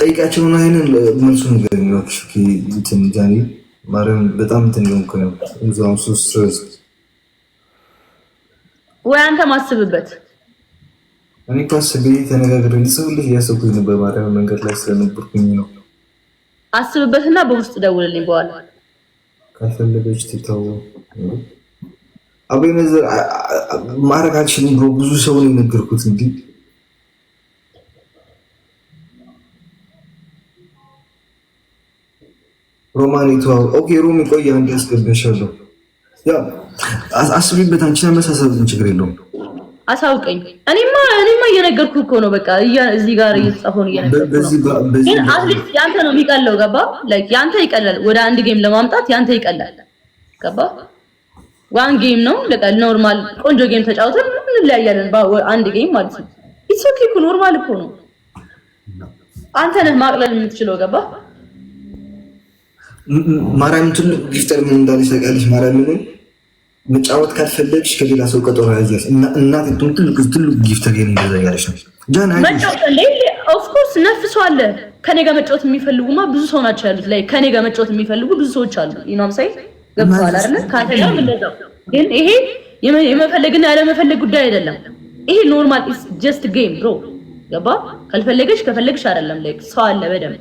ጠይቃቸውን አይንን መልሱን ዛኔ ማርያም በጣም ትንገንኩ ነው። እዛም ሶስት ወይ አንተ ማስብበት እኔ ታስቤ ተነጋግረ ልጽፍልህ እያሰብኩኝ ነበር። ማርያም መንገድ ላይ ስለነበርኩኝ ነው። አስብበትና በውስጥ ደውልልኝ። በኋላ ካልፈለገች ትታው አቤ ማድረግ አልችልም ብሎ ብዙ ሰው ነው የነገርኩት እንዲህ ሮማን ሮማኒቷ ኦኬ፣ ሮሚ ቆይ አንድ ያስገባሻለሁ። ያው አስቢበት፣ አንቺ መሳሳትን ችግር የለውም። አሳውቀኝ። እኔማ እኔማ እየነገርኩ እኮ ነው። በቃ እዚህ ጋር እየተጻፈውን እየነገርኩ ነው። ግን አትሊስት ያንተ ነው የሚቀለው። ገባ? ላይክ ያንተ ይቀላል። ወደ አንድ ጌም ለማምጣት ያንተ ይቀላል። ገባ? ዋን ጌም ነው ለቃ ኖርማል፣ ቆንጆ ጌም ተጫውተን ምን እንለያያለን። አንድ ጌም ማለት ነው። ኢትስ ኦኬ እኮ ኖርማል እኮ ነው። አንተ ነህ ማቅለል የምትችለው። ገባ? ማርያም ትን ጊፍተር ምን እንዳለች ታውቂያለሽ? ማርያም ምን መጫወት ካልፈለግሽ ከሌላ ሰው ቀጠሮ ያዘሽ እናት ትልቅ ትልቅ ጊፍተር የኔ እንደዛ ያለሽ ነው። ኮርስ ነፍሶ አለ። ከኔ ጋር መጫወት የሚፈልጉማ ብዙ ሰው ናቸው ያሉት። ላይ ከኔ ጋር መጫወት የሚፈልጉ ብዙ ሰዎች አሉ። ዩ ይኖም ሳይ ገብተዋል አይደለ? ከአንተ ጋር ምንደዛው ግን ይሄ የመፈለግና ያለመፈለግ ጉዳይ አይደለም። ይሄ ኖርማል ኢስ ጀስት ጌም ብሮ ገባ። ካልፈለገሽ ከፈለግሽ አይደለም። ላይ ሰው አለ በደንብ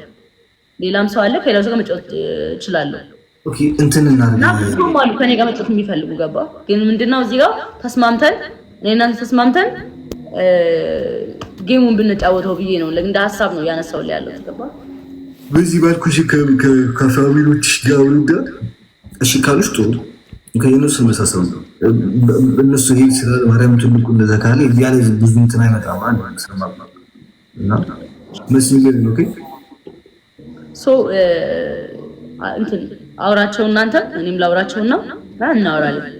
ሌላም ሰው አለ ከሌላው ሰው ጋር መጫወት እችላለሁ። ኦኬ እንትን እና ብዙም አሉ ከኔ ጋር መጫወት የሚፈልጉ ገባ። ግን ምንድነው እዚህ ጋር ተስማምተን እኔ እናንተ ተስማምተን ጌሙን ብንጫወተው ብዬ ነው እንደ ሀሳብ ነው ያነሳው ላይ ያለው ገባ። በዚህ ባልኩሽ ከፋሚሎች ጋር ወልዳ እሺ ካሉሽ ጥሩ ከእነሱ መሳሰብ ነው እነሱ ይሄ ስላለ ማርያም ትልቁ እንደዛ ካለ ያለ ብዙ እንትን አይመጣም። አንድ ሰማ እና መስሚገር ነው እንትን አውራቸው እናንተ እኔም ላውራቸውና እናወራለን።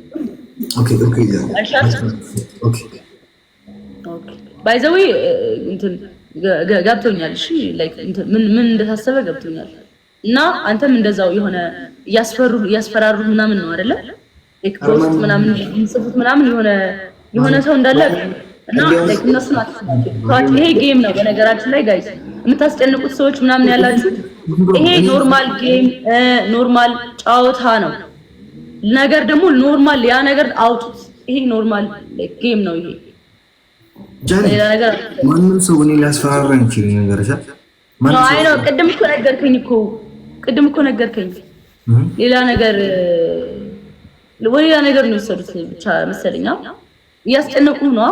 ባይዘዌ እንትን ገብቶኛል። እሺ ምን ምን እንደታሰበ ገብቶኛል። እና አንተም እንደዛው የሆነ እያስፈሩ እያስፈራሩ ምናምን ነው አይደለ? ምናምን ጽፉት ምናምን የሆነ የሆነ ሰው እንዳለ እና ይሄ ጌም ነው በነገራችን ላይ ጋይስ የምታስጨንቁት ሰዎች ምናምን ያላችሁት ይሄ ኖርማል ጌም ኖርማል ጨዋታ ነው። ነገር ደግሞ ኖርማል ያ ነገር አውጡት። ይሄ ኖርማል ጌም ነው። ይሄ ማንም ሰው እኔ ነገር አይ ነው። ቅድም እኮ ነገርከኝ እኮ ቅድም እኮ ነገርከኝ። ሌላ ነገር ወደ ሌላ ነገር ነው የወሰዱት ብቻ መሰለኝ። እያስጨነቁ ነው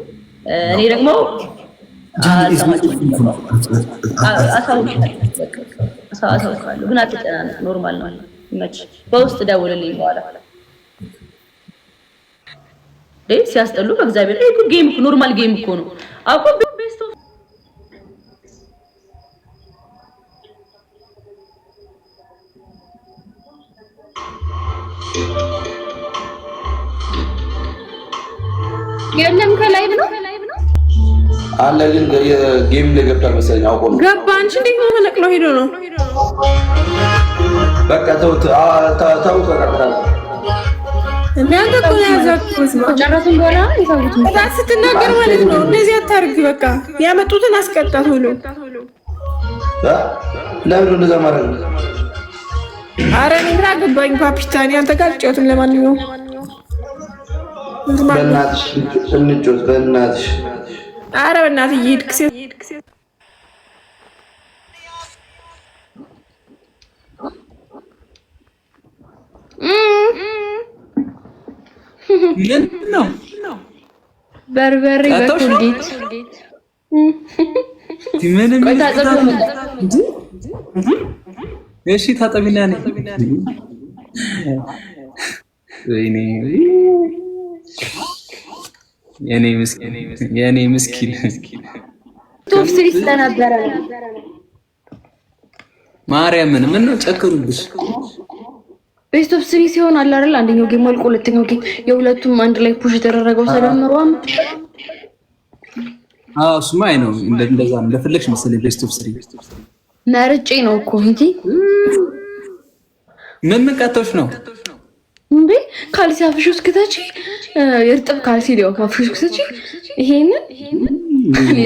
እኔ ደግሞ አሳውቃለሁ፣ ግን አትጨናነቅ፣ ኖርማል ነው። በውስጥ ደውልልኝ በኋላ ሲያስጠሉ በእግዚአብሔር እኮ ኖርማል ጌም እኮ ነው። አውቆ የለም ከላይ ነው አለ ግን ጌም ላይ ገብቷል መሰለኝ። አውቆ ነው ገባ። አንቺ እንዴት ነው መነቅሎ ሄዶ ነው? በቃ ተው ተው ተቀጣ እናንተ እኮ ያዛችሁት ነው። ጨረሱን በኋላ ይፈውት ስትናገር ማለት ነው። እንደዚህ አታርግ። በቃ ያመጡትን አስቀጣት ሁሉ ለምን እንደዛ ማድረግ ነው? አረ እኔ ግራ ገባኝ። ፓፒታኒ አንተ ጋር ጨውትም ለማንኛውም በእናትሽ እንጮት በእናትሽ አረ በእናትህ ይሄድ ክሴ ነው በርበሬ በኩልጌት እሺ ታጠቢና የኔ ምስኪን ቶፕ ስሪ ስለነበረ ማርያምን ምን ነው ጨክሩብሽ። ቤስት ኦፍ ስሪ ሲሆን አለ አይደል? አንደኛው ጌም ወልቆ ሁለተኛው ጌም የሁለቱም አንድ ላይ ፑሽ የተደረገው ተደምሯም። አዎ እሱማ አይ ነው እንደዛ እንደፈለግሽ መሰለኝ። ቤስት ኦፍ ስሪ መርጬ ነው እኮ እንጂ ምን ምን ቀቶች ነው እንዴ? ካልሲ አፍሽ ውስጥ ክተቺ የእርጥብ ካልሲ ሊወፋፍሽ ስጪ። ይሄንን እሺ፣ እና እኔ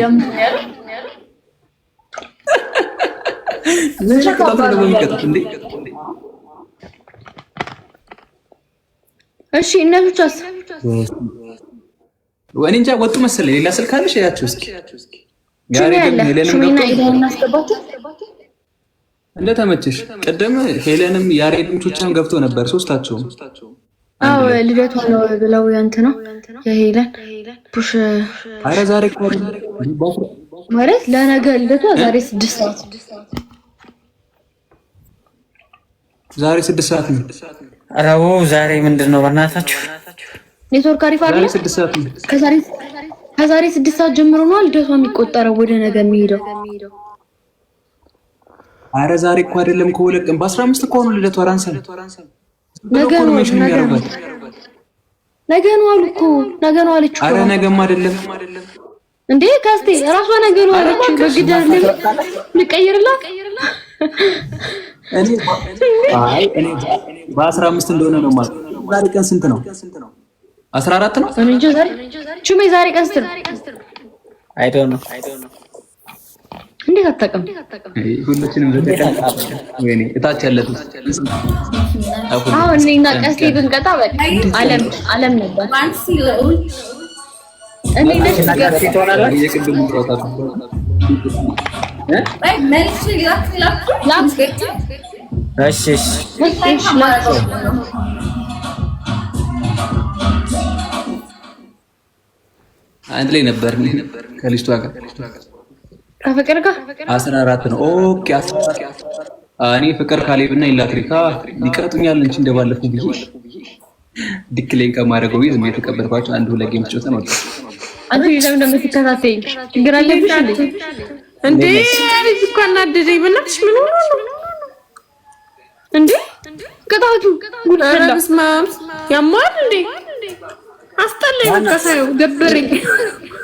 እንጃ ወጡ መሰለኝ። ሌላ ስልክ አለሽ? እስኪ እንደተመቸሽ። ቅድም ሄለንም ያሬድም ቹቻም ገብቶ ነበር ሶስታቸውም አዎ ልደቷ ነው ብለው ያንተ ነው የሄለን ፑሽ። አረ ዛሬ ማለት ለነገ ልደቷ ዛሬ ስድስት ሰዓት ዛሬ ስድስት ሰዓት ነው። ኧረ ዛሬ ምንድን ነው በእናታችሁ ኔትወርክ አሪፍ አይደለ? ከዛሬ ስድስት ሰዓት ጀምሮ ነው ልደቷ የሚቆጠረው ወደ ነገ የሚሄደው። አረ ዛሬ እኮ አይደለም ከሁለት ቀን በአስራ አምስት እኮ ነው ልደቷ ራንሰን ነገኑ ነው አሉ እኮ ነገ ነው አለችው። አረ ነገም አይደለም እንዴ ጋስቴ ራሷ ነገ ነው አለችው። በግድ አይደለም በአስራ አምስት እንደሆነ ነው ማለት። ዛሬ ቀን ስንት ነው? አስራ አራት ነው እንጂ ዛሬ ቀን ስንት ነው? አይ ዶንት ኖ እንዴት አታውቅም? ሁላችንም እታች ያለት አሁን እኔና ቀስቴ ብንቀጣ በቃ ዓለም ዓለም ነበር። አንድ ላይ ነበር ከልጅቷ ጋር ከፍቅር ጋር አስራ አራት ነው። ኦኬ እኔ ፍቅር ካሌብና ኢላትሪካ ይቀጡኛል እንጂ እንደባለፈው ጊዜ ዲክሌን ከማድረገው ይዝ የተቀበልኳቸው አንድ ሁለት ጌም ጨዋታ ነው። አንቺ ለምን እንደምትከታተይኝ ችግር አለብሽ እንዴ? ልጅ እኮ አናደደኝ። በእናትሽ ምን ነው እንዴ? ቅጣቱ ኧረ ያማል እንዴ? አስጠላኝ። በቃ ሳይው ደበረኝ።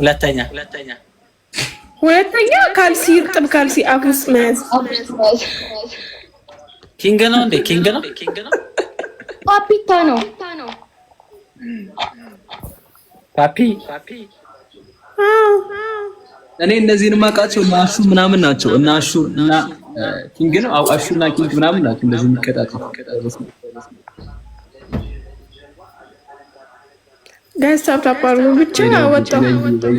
ሁለተኛ ሁለተኛ ካልሲ እርጥብ ካልሲ አፍ ውስጥ መያዝ ኪንግ ነው እንዴ? ኪንግ ነው ፓፒታ ነው ፓፒ እኔ እነዚህን ማቃቸው እና አሹ ምናምን ናቸው። እና አሹ እና ኪንግ ነው አሹ እና ኪንግ ምናምን ናቸው እንደዚህ የሚቀጣጠሉ Guys, stop, stop, stop. I'm ready.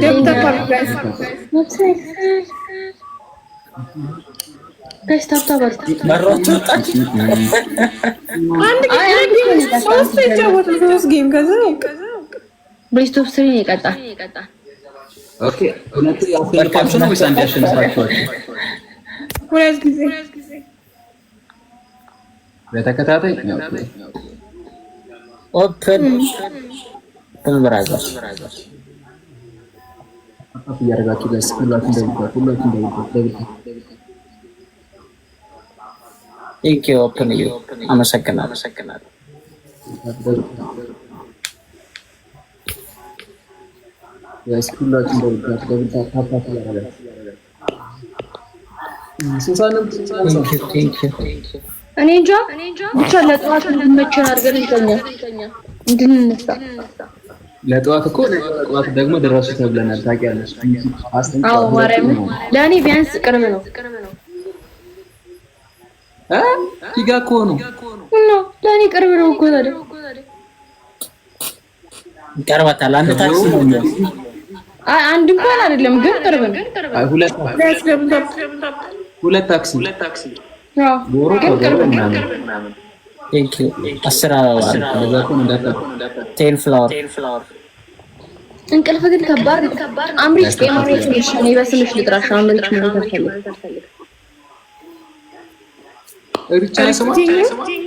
Get the power back. Guys, stop, stop, stop. I don't need to sleep anymore. I'm gonna get guys stop, stop, stop. Stop, stop, stop. Stop, stop, stop. Stop, stop, stop. Stop, Oke. stop. yang stop, stop. Stop, stop, stop. Stop, ሁለት ጊዜ በተከታታይ ኦፕን ኦፕን ብራዘር እያደረጋችሁ አመሰግናለሁ እኔ እንጃ ብቻ ለጠዋት እንድመቸን አድርገን እንተኛ እንድንነሳ። ለጠዋት እኮ ጠዋት ደግሞ ደረሱ ተብለናል። ታውቂያለሽ? አዎ ማርያም፣ ለእኔ ቢያንስ ቅርብ ነው። እ እኮ ነው ነው ለእኔ ቅርብ ነው እኮ ታዲያ ይቀርባታል። አንድ ታክሲ ነው አንድ እንኳን አይደለም፣ ግን ቅርብ ነው። ሁለት ታክሲ ሁለት እንቅልፍ ግን ከባድ አምሪት ኤምሬት ነው